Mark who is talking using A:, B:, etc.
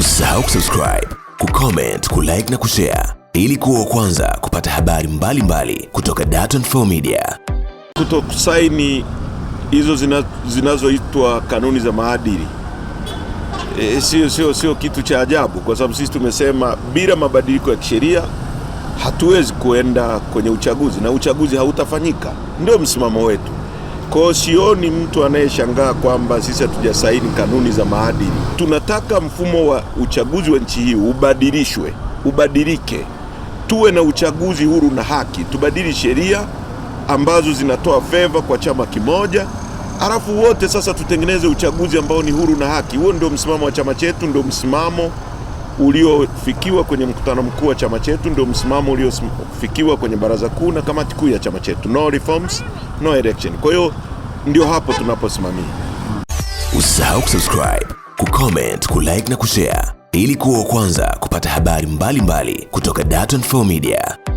A: Usisahau kusubscribe, kucomment, kulike na kushare ili kuwa kwanza kupata habari mbalimbali mbali kutoka Dar24 Media.
B: Kutokusaini hizo zinazoitwa kanuni za maadili e, sio sio sio kitu cha ajabu, kwa sababu sisi tumesema bila mabadiliko ya kisheria hatuwezi kuenda kwenye uchaguzi na uchaguzi hautafanyika. Ndio msimamo wetu. Kwa hiyo sioni mtu anayeshangaa kwamba sisi hatujasaini kanuni za maadili. Tunataka mfumo wa uchaguzi wa nchi hii ubadilishwe, ubadilike, tuwe na uchaguzi huru na haki, tubadili sheria ambazo zinatoa feva kwa chama kimoja halafu wote sasa tutengeneze uchaguzi ambao ni huru na haki. Huo ndio msimamo wa chama chetu, ndio msimamo uliofikiwa kwenye mkutano mkuu wa chama chetu, ndio msimamo uliofikiwa kwenye baraza kuu na kamati kuu ya chama chetu. No reforms no erection. Kwa hiyo ndio hapo tunaposimamia. Usisahau kusubscribe, kucomment, kulike na kushare ili kuwa wa kwanza kupata habari mbalimbali mbali kutoka Dar24 Media.